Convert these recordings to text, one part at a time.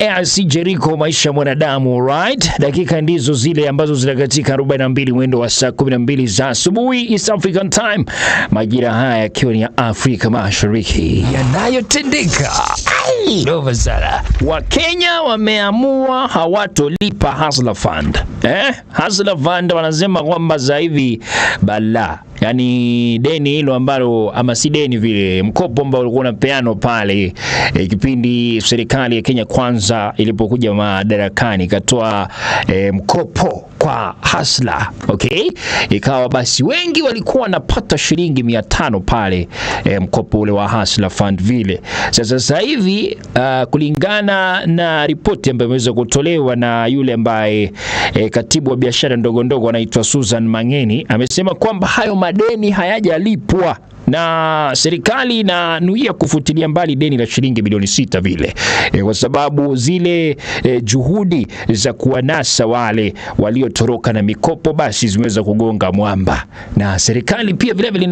AIC Jericho, maisha ya mwanadamu right. Dakika ndizo zile ambazo zinakatika 42 mwendo wa saa 12 za asubuhi East African Time, majira haya yakiwa ni ya Afrika Mashariki yanayotendeka ndovu sana. Wakenya wameamua hawatolipa Hustler Fund. Eh? Hustler Fund wanasema kwamba za hivi bala yaani deni hilo ambalo ama si deni vile, mkopo ambao ulikuwa unapeano pale e, kipindi serikali ya Kenya Kwanza ilipokuja madarakani ikatoa e, mkopo kwa hasla okay. Ikawa basi wengi walikuwa wanapata shilingi mia tano pale e, mkopo ule wa hasla fund vile. Sasa sasa hivi uh, kulingana na ripoti ambayo imeweza kutolewa na yule ambaye e, katibu wa biashara ndogo ndogo anaitwa Susan Mangeni amesema kwamba hayo madeni hayajalipwa na serikali inanuia kufutilia mbali deni la shilingi bilioni sita vile e, kwa sababu zile e, juhudi za kuwanasa wale waliotoroka na mikopo basi zimeweza kugonga mwamba, na serikali pia vilevile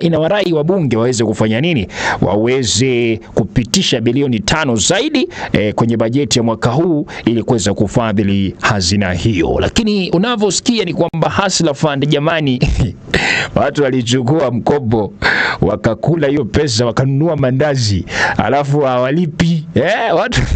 inawarai wabunge waweze kufanya nini? Waweze kupitisha bilioni tano zaidi e, kwenye bajeti ya mwaka huu ili kuweza kufadhili hazina hiyo, lakini unavyosikia ni kwamba Hasla Fund jamani watu walichukua mkopo wakakula hiyo pesa wakanunua mandazi, alafu hawalipi eh, watu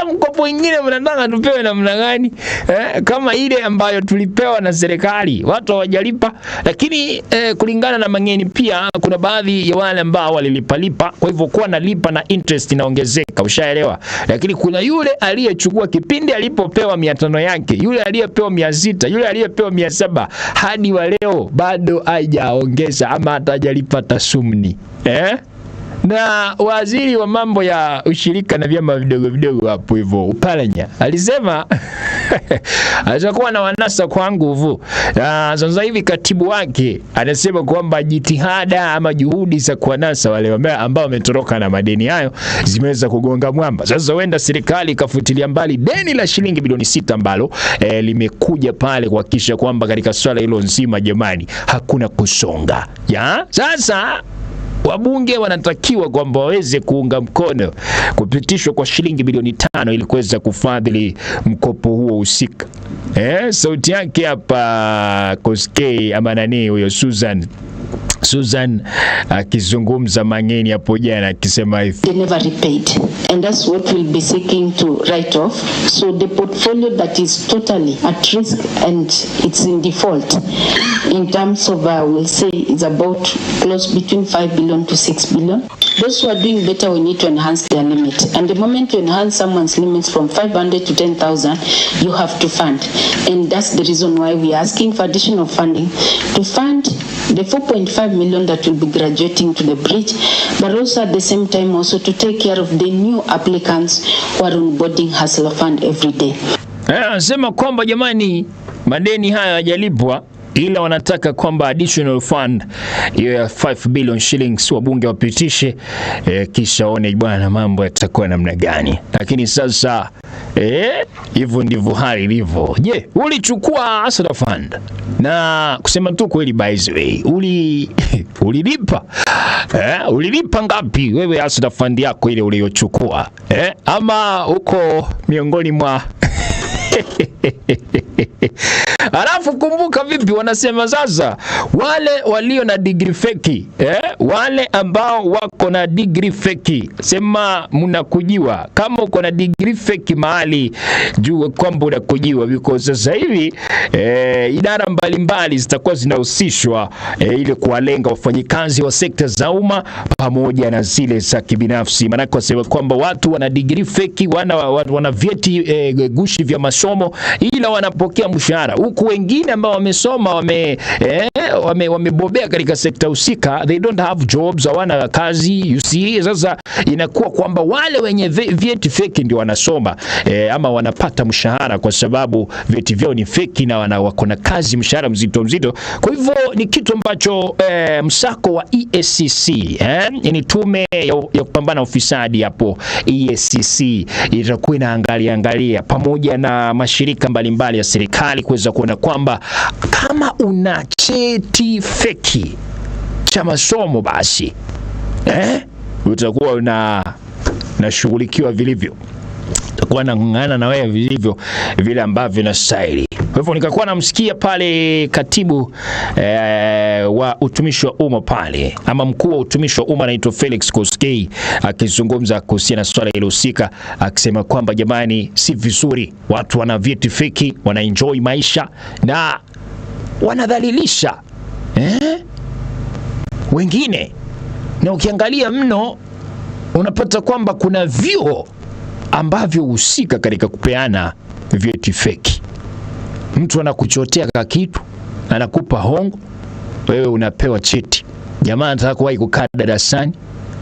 Sasa mkopo mwingine mnataka tupewe namna gani eh? Kama ile ambayo tulipewa na serikali watu hawajalipa, lakini eh, kulingana na mangeni pia kuna baadhi ya wale ambao walilipalipa, kwa hivyo kuwa nalipa na interest inaongezeka, ushaelewa. Lakini kuna yule aliyechukua kipindi alipopewa mia tano yake, yule aliyepewa mia sita, yule aliyepewa mia saba, hadi wa leo bado hajaongeza ama hata hajalipata sumni eh? na waziri wa mambo ya ushirika na vyama vidogo vidogo hapo hivyo Upalanya alisema alizokuwa na wanasa kwa nguvu. Na sasa hivi katibu wake anasema kwamba jitihada ama juhudi za kuwanasa wale ambao wametoroka na madeni hayo zimeweza kugonga mwamba. Sasa huenda serikali ikafutilia mbali deni la shilingi bilioni sita ambalo eh, limekuja pale kuhakikisha kwamba katika swala hilo nzima, jamani, hakuna kusonga ya sasa wabunge wanatakiwa kwamba waweze kuunga mkono kupitishwa kwa shilingi bilioni tano ili kuweza kufadhili mkopo huo husika. Eh, sauti yake hapa Koskei ama nani huyo Susan Susan akizungumza Mang'eni hapo jana akisema hivi, they never repaid and that's what we'll be seeking to write off so the portfolio that is totally at risk and it's in default in terms of uh, we'll say it's about close between 5 billion to 6 billion those who are doing better we need to enhance their limit and the moment you enhance someone's limits from 500 to 10,000 you have to fund and that's the reason why we are asking for additional funding to fund the 4.5 million that will be graduating to the bridge, but also at the same time also to take care of the new applicants who are onboarding Hustler Fund every day. Eh, anasema kwamba jamani, madeni haya hayajalipwa ila wanataka kwamba additional fund hiyo ya 5 billion shillings wabunge wapitishe, e, kisha one bwana mambo yatakuwa namna gani. Lakini sasa e, hivyo e, ndivyo hali ilivyo. Je, ulichukua Asada Fund na kusema tu kweli, by the way, uli ulilipa eh, ulilipa ngapi wewe Asada Fund yako ile uliyochukua eh, ama uko miongoni mwa Alafu kumbuka vipi, wanasema sasa wale walio na degree feki eh? wale ambao wako na degree feki, sema mnakujiwa. Kama uko na degree feki mahali, jua kwamba unakujiwa, because sasa hivi eh, idara mbalimbali zitakuwa zinahusishwa eh, ili kuwalenga wafanyikazi wa sekta za umma pamoja na zile za kibinafsi. Maanake wasema kwamba watu wana degree feki, wana, wana, wana vyeti eh, gushi vya masomo, ila wanapokea mshahara huku wengine ambao wamesoma wame, eh, wame, wamebobea katika sekta husika, they don't have jobs, hawana kazi. You see, sasa inakuwa kwamba wale wenye vyeti feki ndio wanasoma eh, ama wanapata mshahara kwa sababu vyeti vyao ni feki na wana wako na kazi, mshahara mzito mzito. Kwa hivyo ni kitu ambacho eh, msako wa EACC eh, ni tume ya, ya kupambana ufisadi hapo EACC itakuwa inaangalia angalia pamoja na mashirika mbalimbali mbali ya serikali kuweza kuona kwamba kama una cheti feki cha masomo basi eh, utakuwa una nashughulikiwa vilivyo, utakuwa nang'ang'ana na wewe vilivyo vile ambavyo inastahili. Kwa hivyo nikakuwa namsikia pale katibu eh, wa utumishi wa umma pale ama mkuu wa utumishi wa umma anaitwa Felix Koskei akizungumza kuhusiana na swala hilo akisema kwamba jamani, si vizuri watu wana vyeti feki, enjoy maisha na wanadhalilisha eh, wengine, na ukiangalia mno unapata kwamba kuna vyuo ambavyo husika katika kupeana vyeti feki mtu anakuchotea ka kitu anakupa hongo, wewe unapewa cheti. Jamaa anataka kuwahi kukaa darasani,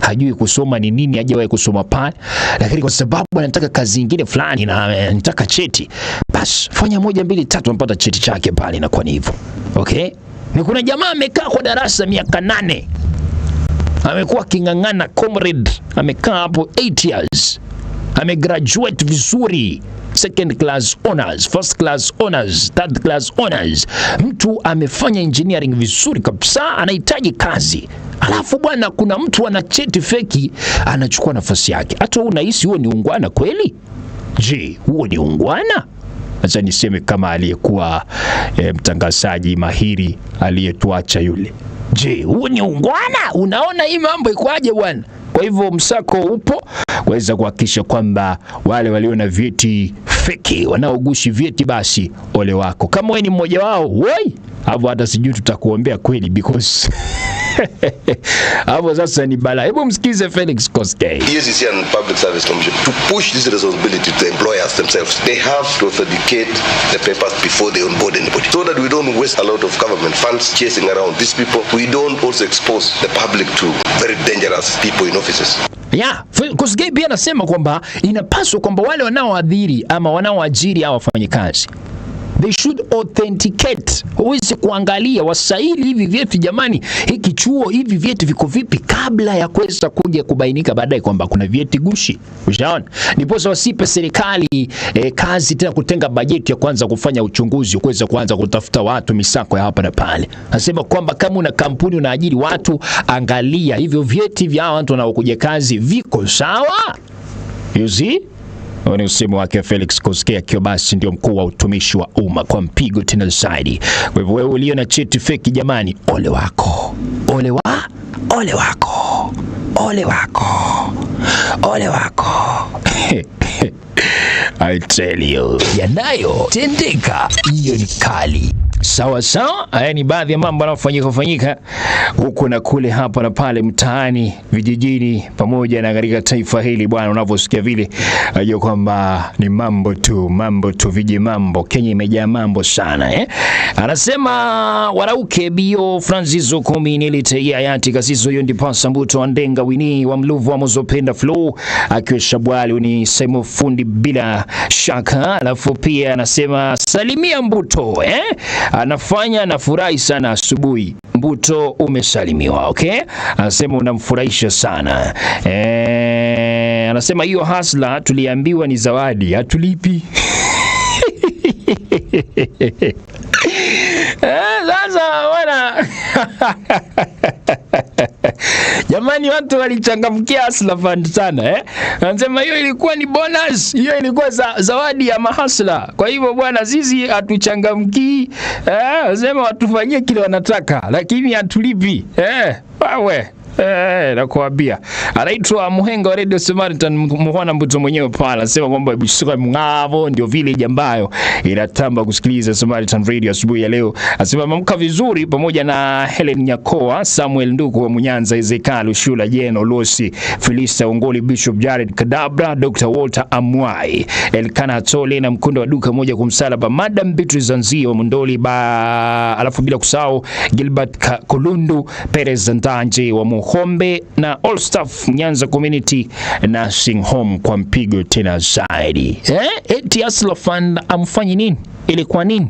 hajui kusoma ni nini, hajawahi kusoma pale, lakini kwa sababu anataka kazi nyingine fulani na anataka cheti, basi fanya moja mbili tatu, anapata cheti chake pale, inakuwa ni hivyo. Okay, ni kuna jamaa amekaa kwa darasa miaka nane, amekuwa king'ang'ana comrade, amekaa hapo 8 years, amegraduate vizuri second class honors, first class honors, third class honors. Mtu amefanya engineering vizuri kabisa, anahitaji kazi, alafu bwana, kuna mtu ana cheti feki anachukua nafasi yake. Hata unahisi huo ni ungwana kweli? Je, huo ni ungwana? Acha niseme kama aliyekuwa e, mtangazaji mahiri aliyetuacha yule. Je, huo ni ungwana? Unaona hii mambo ikwaje bwana? Kwa hivyo msako upo kuweza kuhakikisha kwamba wale walio na vyeti feki wanaogushi vyeti, basi ole wako kama wewe ni mmoja wao. Woi, hapo hata sijui tutakuombea kweli because hapo sasa ni bala. Hebu msikize Felix Koskei. UCC e and Public Service Commission to push this responsibility to the employers themselves. They have to authenticate the papers before they onboard anybody so that we don't waste a lot of government funds chasing around these people. We don't also expose the public to very dangerous people in offices. Yeah, Coach Gabe anasema kwamba inapaswa kwamba wale wanaoadhiri ama wanaoajiri hao wafanyikazi they should authenticate. Huwezi kuangalia wasaili hivi vyeti, jamani, hiki chuo hivi vyeti viko vipi, kabla ya kuweza kuja kubainika baadaye kwamba kuna vyeti gushi. Ushaona, ndiposa wasipe serikali e, kazi tena kutenga bajeti ya kwanza kufanya uchunguzi, kuweza kuanza kutafuta watu misako ya hapa na pale. Nasema kwamba kama una kampuni unaajiri watu, angalia hivyo vyeti vya watu wanaokuja kazi viko sawa, you see ni usemi wake Felix koske akiwa basi ndio mkuu wa utumishi wa umma kwa mpigo tena zaidi. Kwa hivyo wewe ulio na cheti feki, jamani, ole wako, ole wa ole wako, ole wako, ole wako I tell you, yanayo tendeka hiyo ni kali. Sawa sawa, haya ni baadhi ya mambo yanayofanyika fanyika huko na kule, hapa na pale, mtaani, vijijini, pamoja na katika taifa hili bwana. Unavyosikia vile, ajua kwamba ni mambo tu mambo tu, viji mambo. Kenya imejaa mambo sana eh? Anasema warauke bio Franziso Kominelli te hayati kasizo hiyo ndipo Sambuto andenga wini wa mluvu wa mozopenda flow akiwa shabwali ni semo fundi bila shaka. Alafu pia anasema salimia mbuto eh anafanya anafurahi sana asubuhi. Mbuto umesalimiwa. Okay, anasema unamfurahisha sana e, anasema hiyo hasla tuliambiwa ni zawadi, hatulipi eh, sasa wana Jamani, watu walichangamkia Hustler Fund sana eh? Anasema hiyo ilikuwa ni bonus, hiyo ilikuwa za, zawadi ya mahasla. Kwa hivyo bwana, sisi hatuchangamkii eh? Anasema watufanyie kile wanataka, lakini hatulipi eh? Wawe Eh, nakwambia. Anaitwa Muhenga wa Radio Samaritan Muhona Mbuto mwenyewe pala. Sema kwamba Bishika Mngavo ndio village ambayo inatamba kusikiliza Samaritan Radio asubuhi ya leo. Anasema amemka vizuri pamoja na Helen Nyakoa, Samuel Nduku wa Munyanza, Ezekalu Shula, Jeno Losi, Filista Ongoli, Bishop Jared Kadabra, Dr. Walter Amwai, Elkana Atole na mkundo wa duka moja kumsalaba, Madam Beatrice Zanzio wa Mundoli ba, alafu bila kusahau Gilbert Kulundu, Perez Ntanje wa Muhu Kombe na all staff Nyanza Community Nursing Home kwa mpigo tena zaidi. Eh, eti Aslo Fund amfanyi nini? Ilikuwa nini?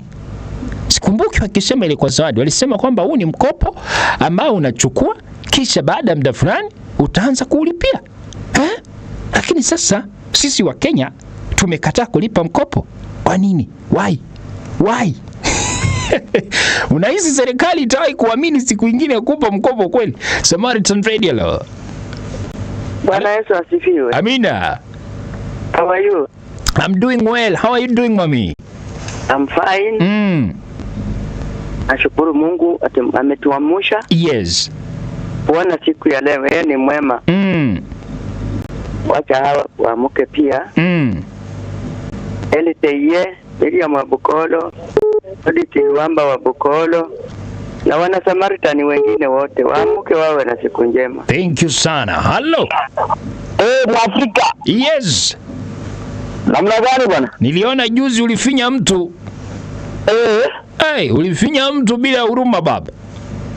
Sikumbuki wakisema ilikuwa zawadi. Walisema kwamba huu ni mkopo ambao unachukua kisha baada ya muda fulani utaanza kuulipia. Eh? Lakini sasa sisi wa Kenya tumekataa kulipa mkopo. Kwa nini? Why? Why? Unahisi serikali itawahi kuamini siku ingine kupa mkopo kweli? Samaritan Radio leo. Bwana Yesu asifiwe. Amina. How are you? I'm doing well. How are you doing, mommy? I'm fine. Mm. Nashukuru Mungu ametuamsha. Yes. Bwana siku ya leo yeye ni mwema. Mm. Wacha hawa waamuke pia. Mm. Elite ye, LTE, William Abukolo. Oditi Wamba wa Bukolo na wana Samaritani wengine wote waamuke wawe na siku njema. Thank you sana. Hello. Eh, hey, Mwafrika. Yes. Namna gani bwana? Niliona juzi ulifinya mtu. Eh. Hey, Eh, hey, ulifinya mtu bila huruma baba.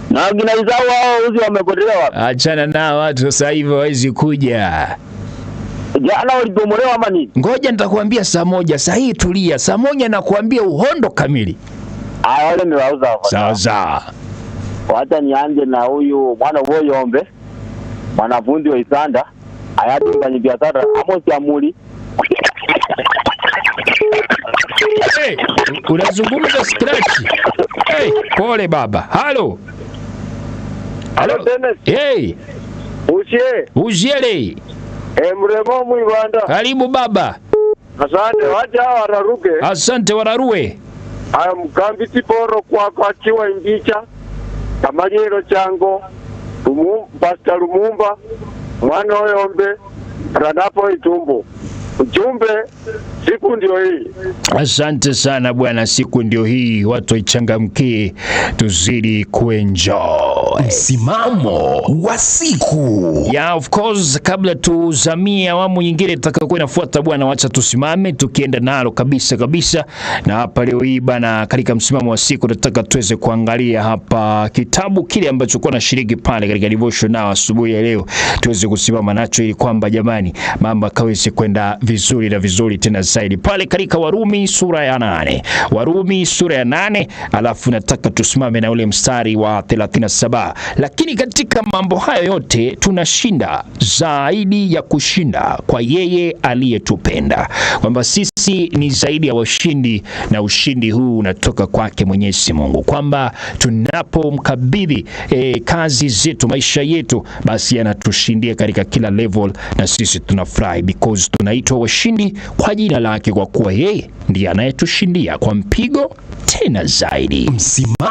Na ginaizao wao uzi wamepotelea wapi? Achana nao watu sasa hivi hawezi kuja jana walibomolewa ama nini? Ngoja nitakwambia saa moja. Saa hii tulia, saa moja nakuambia uhondo kamili. Ah, wale ni wauza hapo. Sawa. Wacha nianze na huyu mwana huyo Woyombe, mwanafunzi wa Isanda, hayati biashara Amos Amuli. Hey, unazungumza scratch. Hey, pole baba. Halo. Halo. Halo. Hey. Ushie. Ushie. E, eh, mremo mwibanda. Karibu baba. Asante, wacha wararuke. Asante wararue. Aya mkambi tiporo kwa kwa chiwa imbicha. Kamanyero chango. Lumumba, Pastor Lumumba. Mwana oyombe. Pranapo itumbo. Ujumbe siku ndio hii. Asante sana bwana, siku ndio hii, watu waichangamkie, tuzidi kuenjoy msimamo wa siku yeah, of course. Kabla tuzamie awamu nyingine tutakayokuwa inafuata, bwana, wacha tusimame tukienda nalo kabisa kabisa. Na hapa leo hii bwana, katika msimamo wa siku nataka tuweze kuangalia hapa kitabu kile ambacho kuwa nashiriki pale katika devotion na asubuhi ya leo tuweze kusimama nacho, ili kwamba jamani, mambo akaweze kwenda vizuri na vizuri tena zaidi pale katika Warumi sura ya nane. Warumi sura ya nane, alafu nataka tusimame na ule mstari wa 37. Lakini katika mambo hayo yote tunashinda zaidi ya kushinda kwa yeye aliyetupenda, kwamba sisi ni zaidi ya washindi, na ushindi huu unatoka kwake Mwenyezi Mungu, kwamba tunapomkabidhi e, kazi zetu, maisha yetu, basi anatushindia katika kila level, na sisi tunafurahi because tunaitwa kutoa ushindi kwa jina lake, kwa kuwa yeye ndiye anayetushindia kwa mpigo tena zaidi Msima.